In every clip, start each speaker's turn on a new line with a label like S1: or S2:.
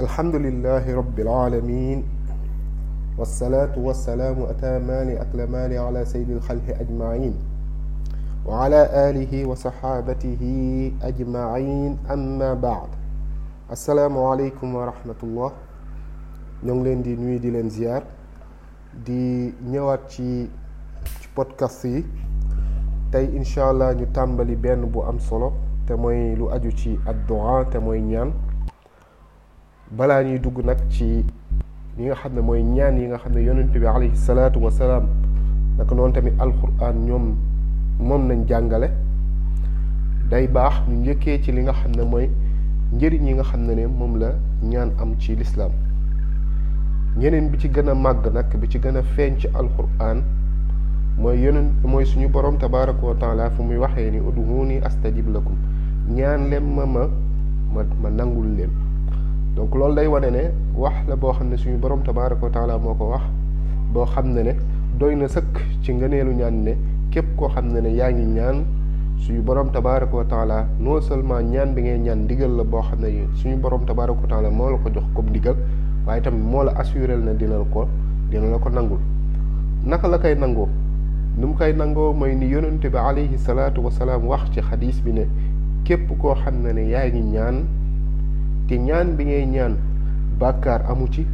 S1: alhamdulilahi rabbil alamin wasalaatu wasalaamu atamaani aklamaani ala sayyidil xalqi ajmain wa ala alihi wa saxaabatihi ajmain amma baad asalaamualeykum wa rahmatullah ñoo ngi leen di nuyu di leen ziar di ñëwaat ci ci podcast yi tey incha allah ñu tàmbali benn bu am solo te mooy lu aju ci addu'a te mooy ñaan balaa ñuy dugg nag ci yi nga xam ne mooy ñaan yi nga xam ne yonent bi alayhi salaatu wasalaam naka noonu tamit alquran ñoom moom nañ jàngale day baax ñu njëkkee ci li nga xam ne mooy njëriñ yi nga xam ne ne moom la ñaan am ci lislaam ñeneen bi ci gën a màgg nag bi ci gën a feeñ ci alquran mooy yeneen mooy suñu borom tabaraka wa fu muy waxee ni ud'uuni astajib lakum ñaan leen ma ma ma ma nangul leen donc loolu day wane ne wax la boo xam ne suñu borom tabaraka wa taala moo ko wax boo xam ne ne doy na sëkk ci ngëneelu ñaan ne képp koo xam ne ne yaa ngi ñaan suñu borom tabaraka wa taala non seulement ñaan bi ngay ñaan ndigal la boo xam ne suñu borom tabaraka wa taala moo la ko jox comme ndigal waaye tamit moo la assuré na dina la ko dina la ko nangul naka la koy nangoo nu mu koy nangoo mooy ni yonente bi alayhi salaatu wasalaam wax ci xadiis bi ne képp koo xam ne ne yaa ngi ñaan te ñaan bi ngay ñaan bàkkaar amu ci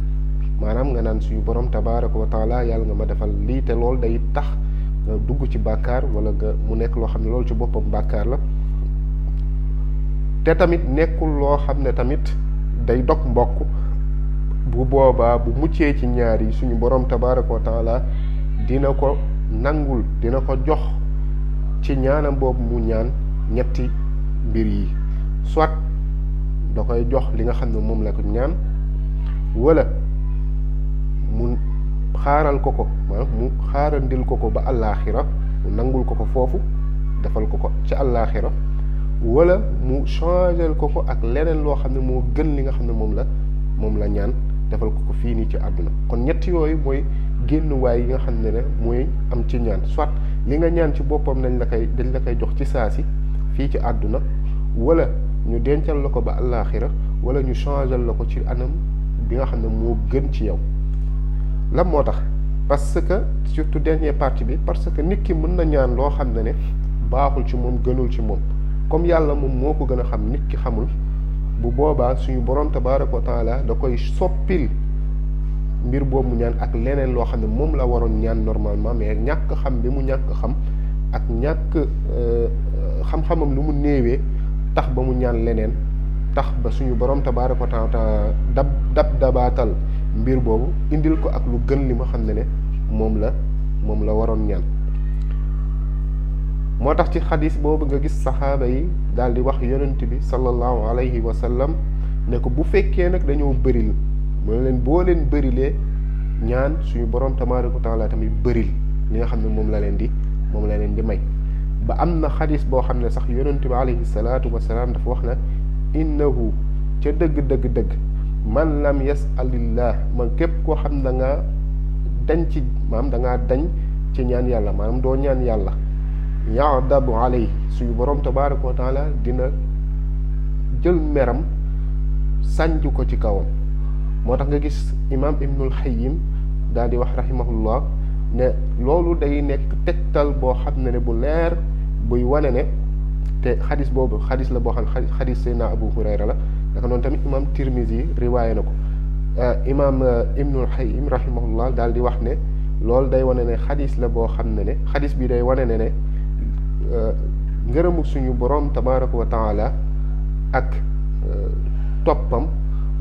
S1: maanaam nga naan suñu borom tabaraka wa taala yàlla nga ma defal lii te loolu day tax nga dugg ci bàkkaar wala nga mu nekk loo xam ne loolu ci boppam bàkkaar la te tamit nekkul loo xam ne tamit day dog mbokk bu boobaa bu muccee ci ñaar yi suñu borom tabaraka wa taala dina ko nangul dina ko jox ci ñaana boobu mu ñaan ñetti mbir yi soit da koy jox li nga xam ne moom la ko ñaan wala xaaral ko ko maanaam mu xaarandil ko ko ba àllaaxira mu nangul ko ko foofu defal ko ko ci àllaaxira wala mu changel ko ko ak leneen loo xam ne moo gën li nga xam ne moom la moom la ñaan defal ko ko fii nii ci àdduna kon ñett yooyu mooy génnuwaay yi nga xam ne ne mooy am ci ñaan soit li nga ñaan ci boppam dañ la koy dañ la jox ci saa si fii ci àdduna wala ñu dencal la ko ba àllaaxira wala ñu changel la ko ci anam bi nga xam ne moo gën ci yow lan moo tax parce que surtout dernier partie bi parce que nit ki mën na ñaan loo xam ne ne baaxul ci moom gënul ci moom comme yàlla moom moo ko gën a xam nit ki xamul bu boobaa suñu borom tabaaraka wa taala da koy soppil mbir boobu ñaan ak leneen loo xam ne moom la waroon ñaan normalement mais ñàkk xam bi mu ñàkk xam ak ñàkk euh, xam-xamam lu mu néewee tax ba mu ñaan leneen tax ba suñu borom tabaaraka wa taala dab dab dabaatal mbir boobu indil ko ak lu gën li ma xam ne ne moom la moom la waroon ñaan moo tax ci xadis boobu nga gis saxaaba yi daal di wax yonent bi sallallahu alayhi wa sallam ne ko bu fekkee nag dañoo bëril mu leen boo leen bërilee ñaan suñu borom tabaaraka wa taala tamit bëril li nga xam ne moom la leen di moom la leen di may ba am na xadis boo xam ne sax yonent bi alayhi salaatu wa dafa wax na innahu ca dëgg dëgg dëgg man lam yes alillah man képp koo xam da ngaa dañ ci maanaam da dañ ci ñaan yàlla maanaam doo ñaan yàlla yaadabu aley suñu borom tabaraka wa taala dina jël meram sànju ko ci kawam moo tax nga gis imam ibnul xayim daal di wax rahimahullah ne loolu day nekk tegtal boo xam ne ne bu leer buy wane ne te xadis boobu xadis la boo xam xadis Seydina Abu Hurayra la naka noonu tamit imam Tirmizi yi riwaaye na ko euh, imam euh, Ibnul Xayim rahimahullah daal di wax ne lool day wane ne xadis la boo xam ne ne xadis bi day wane ne ne euh, ngërëmu suñu borom tabaraka wa taala ak toppam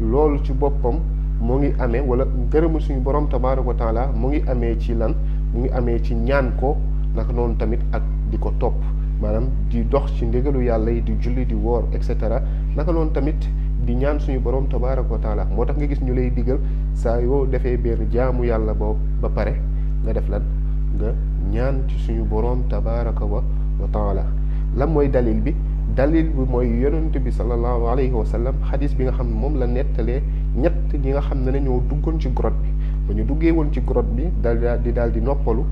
S1: loolu ci boppam mu ngi amee wala ngërëmu suñu borom tabaraka wa taala mu ngi amee ci lan mu ngi amee ci ñaan ko naka noonu tamit ak di ko topp maanaam di dox ci ndigalu yàlla yi di julli di woor et cetera naka loon tamit di ñaan suñu borom tabaaraka wa taala moo tax nga gis ñu lay digal saa yoo defee benn jaamu yàlla boobu ba pare nga def lan nga ñaan ci suñu borom tabaaraka wa la lan mooy dalil bi dalil bi mooy yonent bi sallallahu alayhi wa sallam xadis bi nga xam ne moom la nettalee ñett ñi nga xam ne ne ñoo duggoon ci grotte bi ba ñu duggee woon ci grotte bi dal di daal di noppalu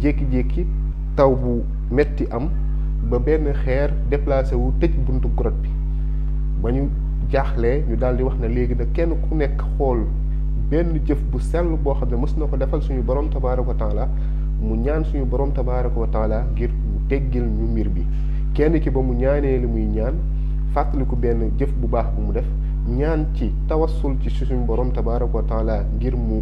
S1: jékki-jékki taw bu metti am ba benn xeer déplacé wu tëj buntu grotte bi ba ñu jaaxlee ñu daal di wax ne léegi nag kenn ku nekk xool benn jëf bu sell boo xam ne mës na ko defal suñu borom tabaaraka wa taala mu ñaan suñu borom tabaaraka wa taala ngir mu teggil ñu mbir bi kenn ki ba mu ñaanee li muy ñaan fàttaliku benn jëf bu baax mu def ñaan ci tawassul ci suñu borom tabaaraka wa taala ngir mu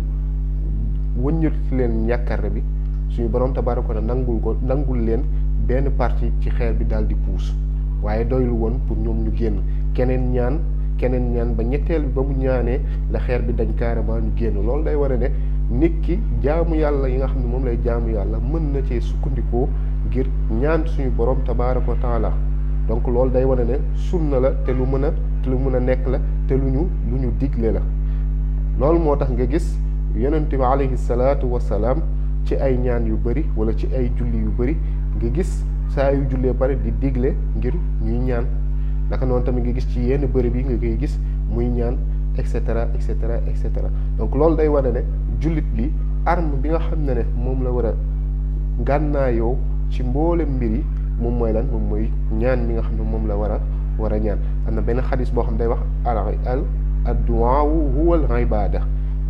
S1: wëññil leen ñàkkare bi suñu borom tabaaraka wa taala nangul ko nangul leen benn partie ci xeer bi daal di puus waaye doylu woon pour ñoom ñu génn. keneen ñaan keneen ñaan ba ñetteel bi ba mu ñaanee la xeer bi dañ carrément ñu génn loolu day war a ne nit ki jaamu yàlla yi nga xam ne moom lay jaamu yàlla mën na cee sukkandikoo ngir ñaan suñu borom tabaaraka wa taala donc loolu day war a ne sunna la te lu mën a te lu mën a nekk la te lu ñu lu ñu digle la loolu moo tax nga gis yonent bi alayhi salaatu salaam ci ay ñaan yu bëri wala ci ay julli yu bëri nga gis saa yu jullee pare di digle ngir ñuy ñaan naka noonu tamit nga gis ci yenn bërëb yi nga koy gis muy ñaan et cetera et cetera et cetera donc loolu day war a ne jullit bi arm bi nga xam ne ne moom la war a gànnaayoo ci mboolem mbir yi moom mooy lan moom mooy ñaan mi nga xam ne moom la war a war a ñaan am na benn xalis boo xam ne day wax al al adduwaawu huwal ibaada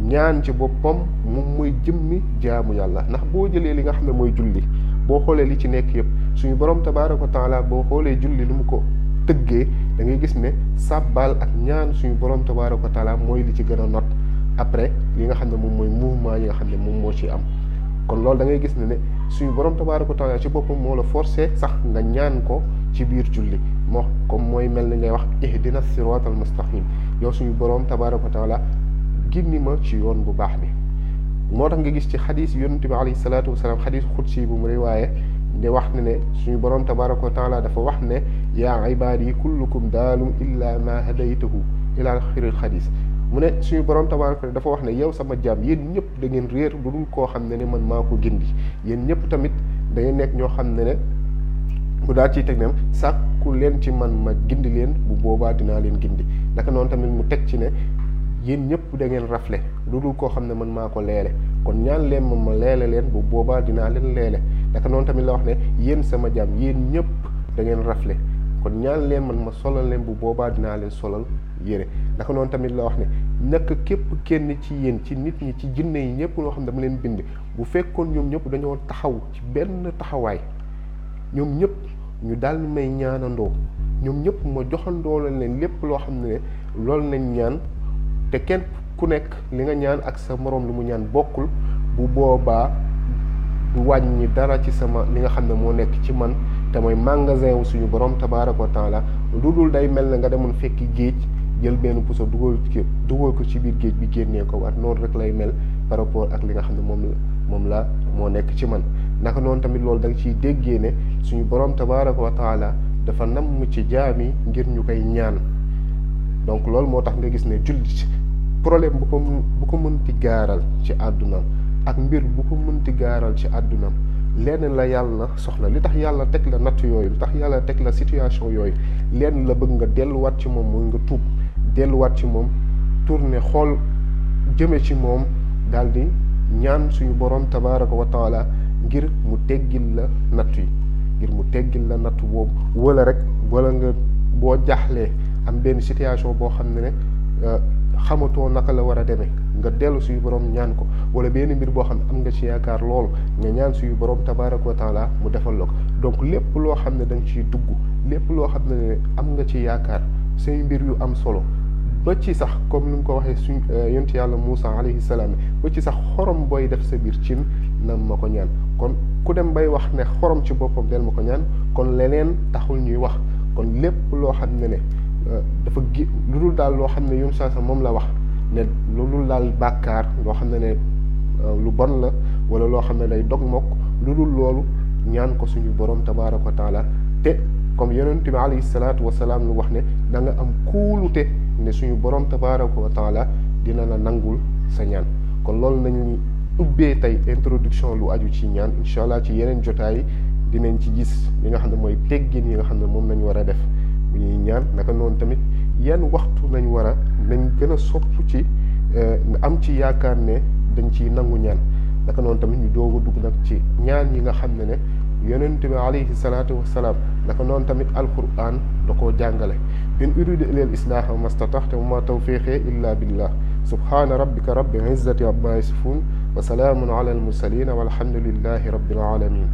S1: ñaan ci boppam moom mooy jëmmi jaamu yàlla ndax boo jëlee li nga xam ne mooy julli boo xoolee li ci nekk yëpp suñu borom tabaaraka wa taala boo xoolee julli mu ko tëggee da ngay gis ne sàbbaal ak ñaan suñu borom tabaaraka taala mooy li ci gën a not après li nga xam ne moom mooy mouvement yi nga xam ne moom moo ci am kon loolu dangay gis ne ne suñu borom tabaaraka taala ci boppam moo la forcé sax nga ñaan ko ci biir julli moo comme mooy mel ni ngay wax ihdina siraatal mustaqim yow suñu borom tabaaraka taala gindi ma ci yoon bu baax bi moo tax nga gis ci xadis yonente bi alayhi salaatu wasalaam xadis xudsi bu mu riwaaye di wax ne suñu borom tabaraka wa taala dafa wax ne yaa ibaadi kullukum daalum illa ma hadaytahu ila xiril xadis mu ne suñu borom tabaraka dafa wax ne yow sama jaam yéen ñëpp da ngeen réer lu dul koo xam ne ne man maa ko gindi yéen ñëpp tamit da nekk ñoo xam ne ne daal ciy teg ne sàkku leen ci man ma gindi leen bu boobaa dinaa leen gindi naka noonu tamit mu teg ci ne yéen ñëpp da ngeen rafle lu dul koo xam ne man maa ko leele kon ñaan leen ma ma leele leen bu boobaa dinaa leen leele naka noonu tamit la wax ne yéen sama jaam yéen ñëpp dangeen rafle kon ñaan leen man ma solal leen bu boobaa dinaa leen solal yére naka noonu tamit la wax ne naka képp kenn ci yéen ci nit ñi ci jinne yi ñëpp loo xam ne dama leen bind bu fekkoon ñoom ñëpp dañoo taxaw ci benn taxawaay ñoom ñëpp ñu daal may ñaanandoo ñoom ñëpp ma joxandoo leen lépp loo xam ne loolu nañ ñaan te kenn ku nekk li nga ñaan ak sa moroom lu mu ñaan bokkul bu boobaa du wàññi dara ci sama li nga xam ne moo nekk ci man te mooy magasin wu suñu borom tabaaraka wa taala lu dul day mel ne nga demoon fekk géej jël benn puso dugal dugal ko ci biir géej bi génnee ko waat noonu rek lay mel par rapport ak li nga xam ne moom la moom la moo nekk ci man naka noonu tamit loolu danga nga ciy déggee ne suñu borom tabaaraka wa taala dafa namm ci jaami ngir ñu koy ñaan donc loolu moo tax nga gis ne jullit problème bu ko bu ko mënti gaaral ci àdduna ak mbir bu ko mënti gaaral ci àdduna lenn la yàlla soxla li tax yàlla teg la nattu yooyu li tax yàlla teg la situation yooyu lenn la bëgg nga delluwaat ci moom mooy nga tuub delluwaat ci moom tourner xool jëme ci moom daal di ñaan suñu borom tabaraka wa taala ngir mu teggil la natt yi ngir mu teggil la natt boobu wala rek wala nga boo jaaxlee am benn situation boo xam ne ne euh, xamatoo naka la war a demee nga dellu suñu borom ñaan ko wala benn mbir boo xam ne am nga ci yaakaar lool nga ñaan suñu borom tabaaraka wa taala mu defal la ko donc lépp loo xam ne da nga ciy lépp loo xam ne am nga ci yaakaar say mbir yu am solo ci sax comme ni ko waxee suñ euh, yonent yàlla Moussa alayhi salaam ba ci sax xorom booy def sa biir cin nan ma ko ñaan kon ku dem bay wax ne xorom ci boppam del ma ko ñaan kon leneen taxul ñuy wax kon lépp loo xam ne ne euh, dafa gi lu dul daal loo xam ne yoon saa sa moom la wax ne loolu laal bàkkaar loo xam ne ne euh, lu bon la wala loo xam ne day dog mokk lu dul loolu ñaan ko suñu borom tabaaraka wa taala te comme yeneen bi alayhi salaatu wa salaam lu wax ne da am kuulute ne suñu borom tabaaraka wa taala dina la nangul sa ñaan kon loolu nañu ubbee tey introduction lu aju ci ñaan incha ci yeneen jotaay dinañ ci gis li nga xam ne mooy teggin yi nga xam ne moom nañu war a def bu ñuy ñaan naka noonu tamit. yan waxtu lañ war a nañ gën a sopp ci euh, am ci yaakaar ne dañ ciy nangu ñaan naka noonu tamit ñu doog a dugg nag ci ñaan yi nga xam ne ne yonent bi alayhi salaatu wassalaam naka noonu tamit alquran da koo jàngale in uridu ilal islaaha mastataxte wa ma tawfiqee illa billah subhaana rabbika rabbil izzati amma yasifun wa salaamun ala almursalin walhamdulillahi rabbil alamin